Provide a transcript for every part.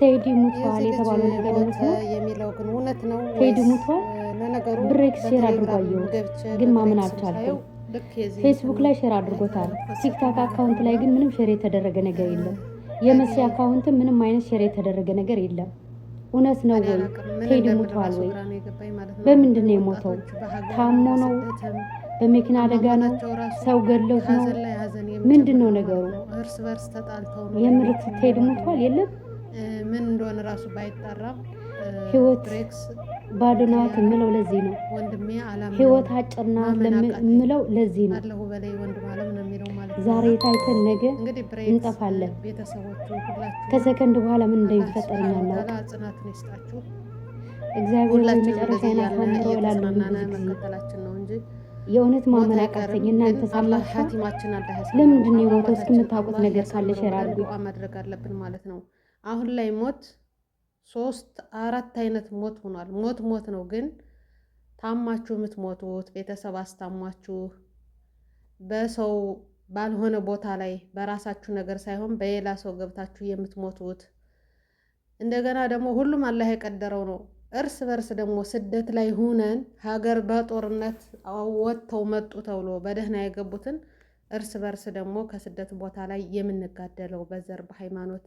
ቴዲ ሙቷል የተባለው ነገር የሚለው ግን እውነት ነው። ቴዲ ሙቷል ብሬክ ሼር አድርጓየው ግን ማመን አልቻልኩም። ፌስቡክ ላይ ሼር አድርጎታል። ቲክታክ አካውንት ላይ ግን ምንም ሼር የተደረገ ነገር የለም። የመሲ አካውንት ምንም አይነት ሼር የተደረገ ነገር የለም። እውነት ነው ወይ? ቴዲ ሙቷል ወይ? በምንድን ነው የሞተው? ታሞ ነው? በመኪና አደጋ ነው? ሰው ገለው ነው? ምንድን ነው ነገሩ? የምርት ቴዲ ሙቷል የለም ምን እንደሆነ ራሱ ባይጠራም ህይወት ባዶ ናት የምለው ለዚህ ነው። ህይወት አጭር ናት የምለው ለዚህ ነው። ዛሬ ታይተን ነገ እንጠፋለን። ከሰከንድ በኋላ ምን እንደሚፈጠር እናናውቅ። እግዚአብሔር መጨረሻ ናፋምሮ እላለሁ ብዙ ጊዜ የእውነት ማመን አቃተኝ። እናንተ ሳላችሁ ለምንድን ነው የሞተው? እስኪ የምታውቁት ነገር ካለ ሸራርጉ ማድረግ አለብን ማለት ነው። አሁን ላይ ሞት ሶስት አራት አይነት ሞት ሆኗል። ሞት ሞት ነው ግን ታማችሁ የምትሞቱት ቤተሰብ አስታማችሁ በሰው ባልሆነ ቦታ ላይ በራሳችሁ ነገር ሳይሆን በሌላ ሰው ገብታችሁ የምትሞቱት እንደገና ደግሞ ሁሉም አላህ የቀደረው ነው። እርስ በርስ ደግሞ ስደት ላይ ሁነን ሀገር በጦርነት ወጥተው መጡ ተብሎ በደህና የገቡትን እርስ በርስ ደግሞ ከስደት ቦታ ላይ የምንጋደለው በዘር በሃይማኖት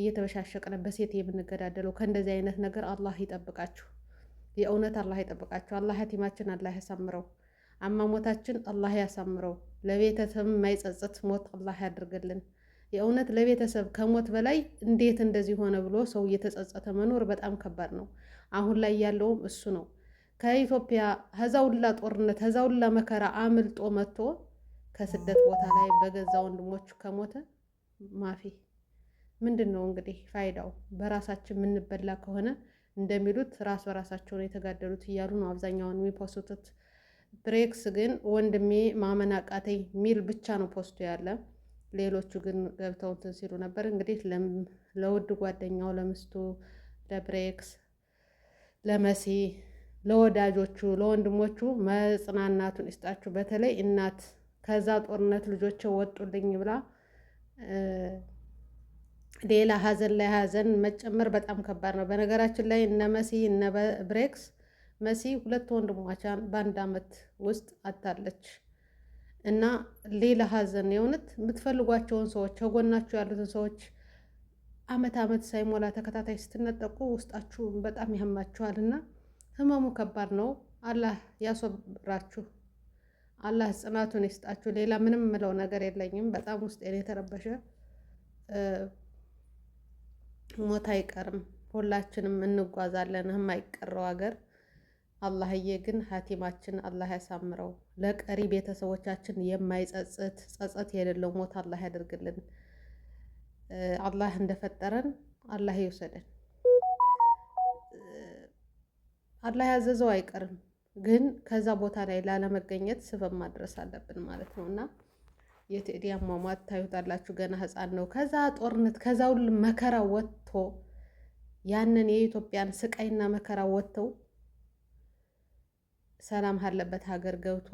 እየተበሻሸቅን በሴት የምንገዳደለው ከእንደዚህ አይነት ነገር አላህ ይጠብቃችሁ። የእውነት አላህ ይጠብቃችሁ። አላህ ያቲማችን አላህ ያሳምረው። አማሞታችን አላህ ያሳምረው። ለቤተሰብ የማይጸጽት ሞት አላህ ያድርግልን። የእውነት ለቤተሰብ ከሞት በላይ እንዴት እንደዚህ ሆነ ብሎ ሰው እየተጸጸተ መኖር በጣም ከባድ ነው። አሁን ላይ ያለውም እሱ ነው። ከኢትዮጵያ ህዛውላ ጦርነት ህዛውላ መከራ አምልጦ መጥቶ ከስደት ቦታ ላይ በገዛ ወንድሞቹ ከሞተ ማፊ ምንድን ነው እንግዲህ ፋይዳው? በራሳችን የምንበላ ከሆነ እንደሚሉት ራስ በራሳቸው ነው የተጋደሉት እያሉ ነው አብዛኛውን የሚፖስቱት። ብሬክስ ግን ወንድሜ ማመን አቃተኝ ሚል ብቻ ነው ፖስቱ ያለ። ሌሎቹ ግን ገብተው እንትን ሲሉ ነበር። እንግዲህ ለውድ ጓደኛው ለምስቱ፣ ለብሬክስ፣ ለመሲ፣ ለወዳጆቹ፣ ለወንድሞቹ መጽናናቱን ይስጣችሁ። በተለይ እናት ከዛ ጦርነት ልጆች ወጡልኝ ብላ ሌላ ሀዘን ላይ ሀዘን መጨመር በጣም ከባድ ነው። በነገራችን ላይ እነ መሲ እነ ብሬክስ መሲ ሁለት ወንድሞቿን በአንድ አመት ውስጥ አታለች እና ሌላ ሀዘን የሆነት የምትፈልጓቸውን ሰዎች ከጎናችሁ ያሉትን ሰዎች አመት አመት ሳይሞላ ተከታታይ ስትነጠቁ ውስጣችሁ በጣም ያማችኋል እና ህመሙ ከባድ ነው። አላህ ያሶብራችሁ። አላህ ጽናቱን ይስጣችሁ። ሌላ ምንም ምለው ነገር የለኝም። በጣም ውስጤን የተረበሸ ሞት አይቀርም። ሁላችንም እንጓዛለን የማይቀረው ሀገር። አላህዬ ግን ሀቲማችን አላህ ያሳምረው። ለቀሪ ቤተሰቦቻችን የማይጸጽት ጸጸት የሌለው ሞት አላህ ያደርግልን። አላህ እንደፈጠረን አላህ ይውሰደን። አላህ ያዘዘው አይቀርም፣ ግን ከዛ ቦታ ላይ ላለመገኘት ስበብ ማድረስ አለብን ማለት ነው እና የቴዲ አሟሟት ታዩታላችሁ። ገና ህፃን ነው። ከዛ ጦርነት ከዛ ሁሉ መከራ ወጥቶ ያንን የኢትዮጵያን ስቃይና መከራ ወጥተው ሰላም አለበት ሀገር ገብቶ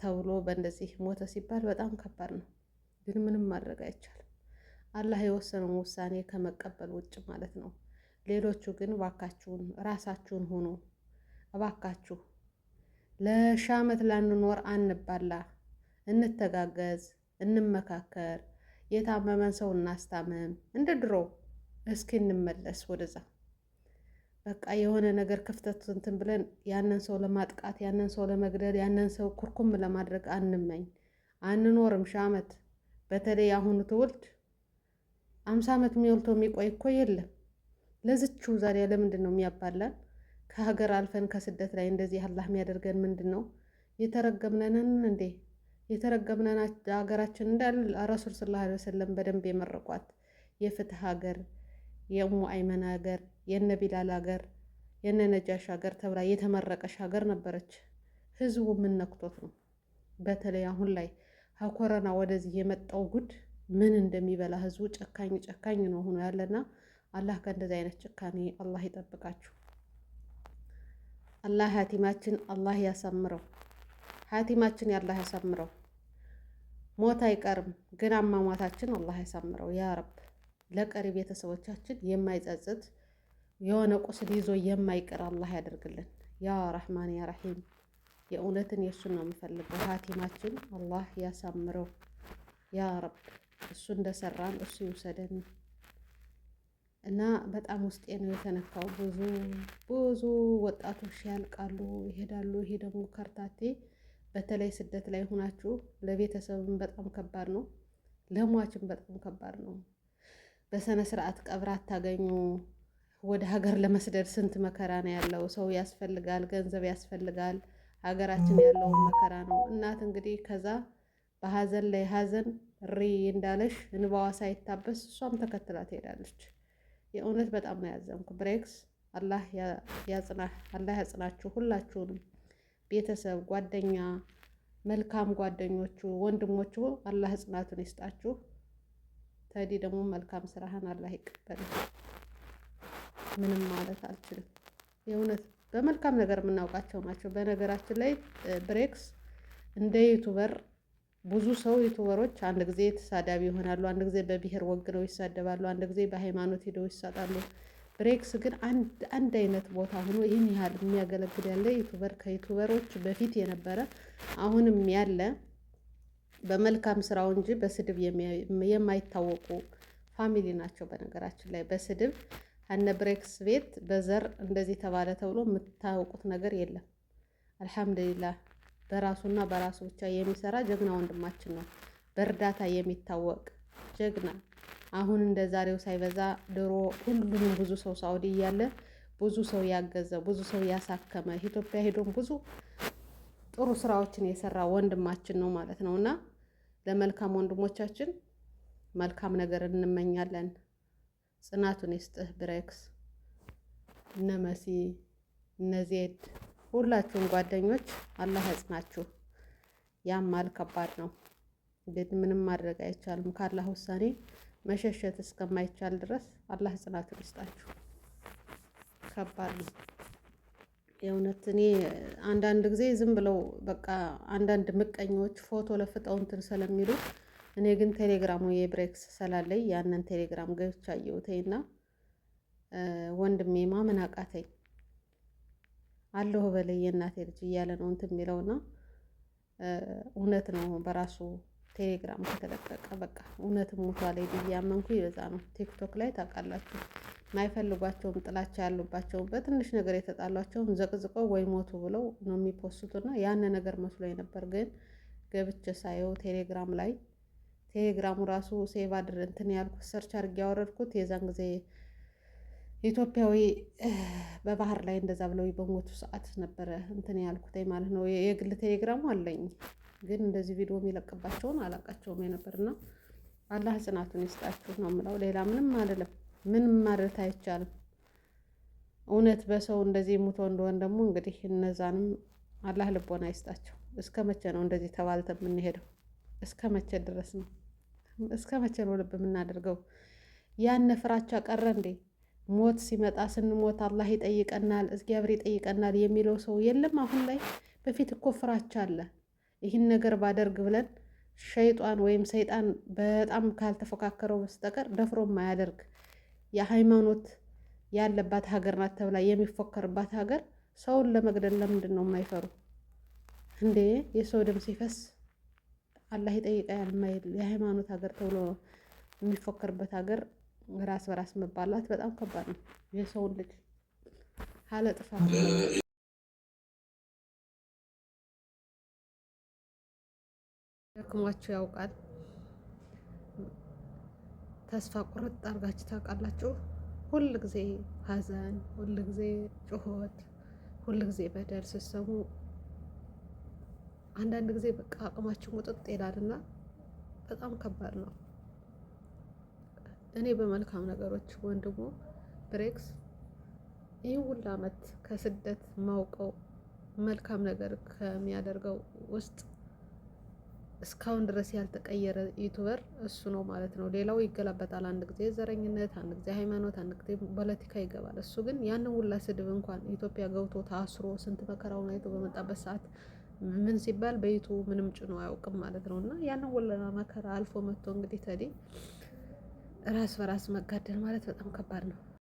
ተብሎ በእንደዚህ ሞተ ሲባል በጣም ከባድ ነው፣ ግን ምንም ማድረግ አይቻልም። አላህ የወሰነውን ውሳኔ ከመቀበል ውጭ ማለት ነው። ሌሎቹ ግን እባካችሁን ራሳችሁን ሁኑ። እባካችሁ ለሺ ዓመት ላንኖር አንባላ። እንተጋገዝ፣ እንመካከር፣ የታመመን ሰው እናስታምም። እንደ ድሮ እስኪ እንመለስ ወደዛ። በቃ የሆነ ነገር ክፍተት እንትን ብለን ያንን ሰው ለማጥቃት ያንን ሰው ለመግደል ያንን ሰው ኩርኩም ለማድረግ አንመኝ። አንኖርም ሺህ ዓመት። በተለይ አሁኑ ትውልድ አምሳ ዓመት የሚወልቶ የሚቆይ እኮ የለም። ለዝችው ዛሬ ለምንድን ነው የሚያባላን? ከሀገር አልፈን ከስደት ላይ እንደዚህ አላህ የሚያደርገን ምንድን ነው? የተረገምነንን እንዴ? የተረገምነን ሀገራችን እንዳል ረሱል ላ ወሰለም በደንብ የመረቋት የፍትህ ሀገር፣ የእሙ አይመን ሀገር፣ የነ ቢላል ሀገር፣ የነ ነጃሽ ሀገር ተብላ የተመረቀሽ ሀገር ነበረች። ህዝቡ የምነክቶት ነው። በተለይ አሁን ላይ ከኮረና ወደዚህ የመጣው ጉድ ምን እንደሚበላ ህዝቡ ጨካኝ ጨካኝ ነው ሆኖ ያለና አላህ ከእንደዚህ አይነት ጭካኔ አላህ ይጠብቃችሁ። አላህ ሀቲማችን አላህ ያሳምረው። ሀቲማችን ያላህ ያሳምረው። ሞት አይቀርም ግን አሟሟታችን አላህ ያሳምረው ያ ረብ። ለቀሪ ቤተሰቦቻችን የማይጸጽት የሆነ ቁስል ይዞ የማይቀር አላህ ያደርግልን ያ ረህማን ያ ረሒም። የእውነትን የእሱን ነው የምፈልገው። ሀቲማችን አላህ ያሳምረው ያ ረብ። እሱ እንደሰራን እሱ ይውሰደን እና በጣም ውስጤ ነው የተነካው። ብዙ ብዙ ወጣቶች ያልቃሉ ይሄዳሉ። ይሄ ደግሞ ከርታቴ በተለይ ስደት ላይ ሆናችሁ ለቤተሰብም በጣም ከባድ ነው፣ ለሟችን በጣም ከባድ ነው። በሰነ ስርዓት ቀብር አታገኙ። ወደ ሀገር ለመስደድ ስንት መከራ ነው ያለው። ሰው ያስፈልጋል፣ ገንዘብ ያስፈልጋል። ሀገራችን ያለውን መከራ ነው። እናት እንግዲህ ከዛ በሀዘን ላይ ሀዘን ሪ እንዳለሽ እንባዋ ሳይታበስ እሷም ተከትላ ትሄዳለች። የእውነት በጣም ነው ያዘንኩ። ብሬክስ አላህ ያጽናህ፣ አላህ ያጽናችሁ ሁላችሁንም። ቤተሰብ፣ ጓደኛ፣ መልካም ጓደኞቹ፣ ወንድሞቹ አላህ ጽናቱን ይስጣችሁ። ተዲ ደግሞ መልካም ስራህን አላህ ይቀበል። ምንም ማለት አልችልም። የእውነት በመልካም ነገር የምናውቃቸው ናቸው። በነገራችን ላይ ብሬክስ እንደ ዩቱበር ብዙ ሰው ዩቱበሮች አንድ ጊዜ ተሳዳቢ ይሆናሉ፣ አንድ ጊዜ በብሔር ወግነው ይሳደባሉ፣ አንድ ጊዜ በሃይማኖት ሂደው ይሳጣሉ። ብሬክስ ግን አንድ አይነት ቦታ ሆኖ ይህን ያህል የሚያገለግል ያለ ዩቱበር ከዩቱበሮች በፊት የነበረ አሁንም ያለ በመልካም ስራው እንጂ በስድብ የማይታወቁ ፋሚሊ ናቸው። በነገራችን ላይ በስድብ አነ ብሬክስ ቤት በዘር እንደዚህ ተባለ ተብሎ የምታውቁት ነገር የለም። አልሐምዱሊላህ በራሱና በራሱ ብቻ የሚሰራ ጀግና ወንድማችን ነው። በእርዳታ የሚታወቅ ጀግና አሁን እንደ ዛሬው ሳይበዛ ድሮ ሁሉንም ብዙ ሰው ሳውዲ እያለ ብዙ ሰው ያገዘ ብዙ ሰው ያሳከመ ኢትዮጵያ ሄዶም ብዙ ጥሩ ስራዎችን የሰራ ወንድማችን ነው ማለት ነው። እና ለመልካም ወንድሞቻችን መልካም ነገር እንመኛለን። ጽናቱን ይስጥህ ብሬክስ፣ እነ መሲ፣ እነ ዜድ ሁላችሁም ጓደኞች አላህ ያጽናችሁ። ያማል ከባድ ነው ግን ምንም ማድረግ አይቻልም ካላህ ውሳኔ መሸሸት እስከማይቻል ድረስ አላህ ጽናት ይስጣችሁ። ከባድ ነው የእውነት። እኔ አንዳንድ ጊዜ ዝም ብለው በቃ አንዳንድ ምቀኞች ፎቶ ለፍጠው እንትን ስለሚሉ እኔ ግን ቴሌግራሙ የብሬክስ ስላለኝ ያንን ቴሌግራም ገብቻ አየሁትና ወንድሜ ማመን አቃተኝ። አለሁ በለይ የእናቴ ልጅ እያለ ነው እንትን የሚለውና እውነት ነው በራሱ ቴሌግራም ከተለቀቀ በቃ እውነትም ሙቷ ብዬ ያመንኩኝ ይበዛ ነው። ቲክቶክ ላይ ታውቃላችሁ ማይፈልጓቸውም ጥላቻ ያሉባቸውም በትንሽ ነገር የተጣሏቸውም ዘቅዝቀው ወይ ሞቱ ብለው ነው የሚፖስቱና ያን ነገር መስሎ ነበር። ግን ገብቼ ሳየው ቴሌግራም ላይ ቴሌግራሙ ራሱ ሴቭ አድር እንትን ያልኩት ሰርች አድርጌ ያወረድኩት የዛን ጊዜ ኢትዮጵያዊ በባህር ላይ እንደዛ ብለው በሞቱ ሰዓት ነበረ እንትን ያልኩት ማለት ነው። የግል ቴሌግራሙ አለኝ። ግን እንደዚህ ቪዲዮ የሚለቅባቸውን አላውቃቸውም የነበርና አላህ ጽናቱን ይስጣችሁ ነው የምለው። ሌላ ምንም አይደለም፣ ምንም ማለት አይቻልም። እውነት በሰው እንደዚህ ሙቶ እንደሆን ደግሞ እንግዲህ እነዛንም አላህ ልቦና ይስጣቸው። እስከ መቼ ነው እንደዚህ ተባልተን የምንሄደው? እስከ መቼ ድረስ ነው? እስከ መቼ ነው ልብ የምናደርገው? ያነ ፍራቻ ቀረ እንዴ? ሞት ሲመጣ ስንሞት አላህ ይጠይቀናል፣ እግዚአብሔር ይጠይቀናል የሚለው ሰው የለም አሁን ላይ። በፊት እኮ ፍራቻ አለ። ይህን ነገር ባደርግ ብለን ሸይጧን ወይም ሰይጣን በጣም ካልተፎካከረው በስተቀር ደፍሮ ማያደርግ የሃይማኖት ያለባት ሀገር ናት ተብላ የሚፎከርባት ሀገር ሰውን ለመግደል ለምንድን ነው የማይፈሩ እንዴ? የሰው ደም ሲፈስ አላህ ይጠይቃል ማይል የሃይማኖት ሀገር ተብሎ የሚፎከርበት ሀገር ራስ በራስ መባላት በጣም ከባድ ነው። የሰውን ልጅ አለ ደክሟችሁ ያውቃል? ተስፋ ቁርጥ አድርጋችሁ ታውቃላችሁ? ሁል ጊዜ ሀዘን፣ ሁል ጊዜ ጩኸት፣ ሁል ጊዜ በደል ስትሰሙ አንዳንድ ጊዜ በቃ አቅማችሁ ሙጥጥ ይላልና በጣም ከባድ ነው። እኔ በመልካም ነገሮች ወንድሙ ብሬክስ ይህን ሁሉ አመት ከስደት ማውቀው መልካም ነገር ከሚያደርገው ውስጥ እስካሁን ድረስ ያልተቀየረ ዩቱበር እሱ ነው ማለት ነው። ሌላው ይገላበጣል። አንድ ጊዜ ዘረኝነት፣ አንድ ጊዜ ሃይማኖት፣ አንድ ጊዜ ፖለቲካ ይገባል። እሱ ግን ያንን ሁላ ስድብ እንኳን ኢትዮጵያ ገብቶ ታስሮ ስንት መከራውን አይቶ በመጣበት ሰዓት ምን ሲባል በይቱ ምንም ጭኖ አያውቅም ማለት ነው። እና ያንን ሁላ መከራ አልፎ መጥቶ እንግዲህ ተዲ ራስ በራስ መጋደል ማለት በጣም ከባድ ነው።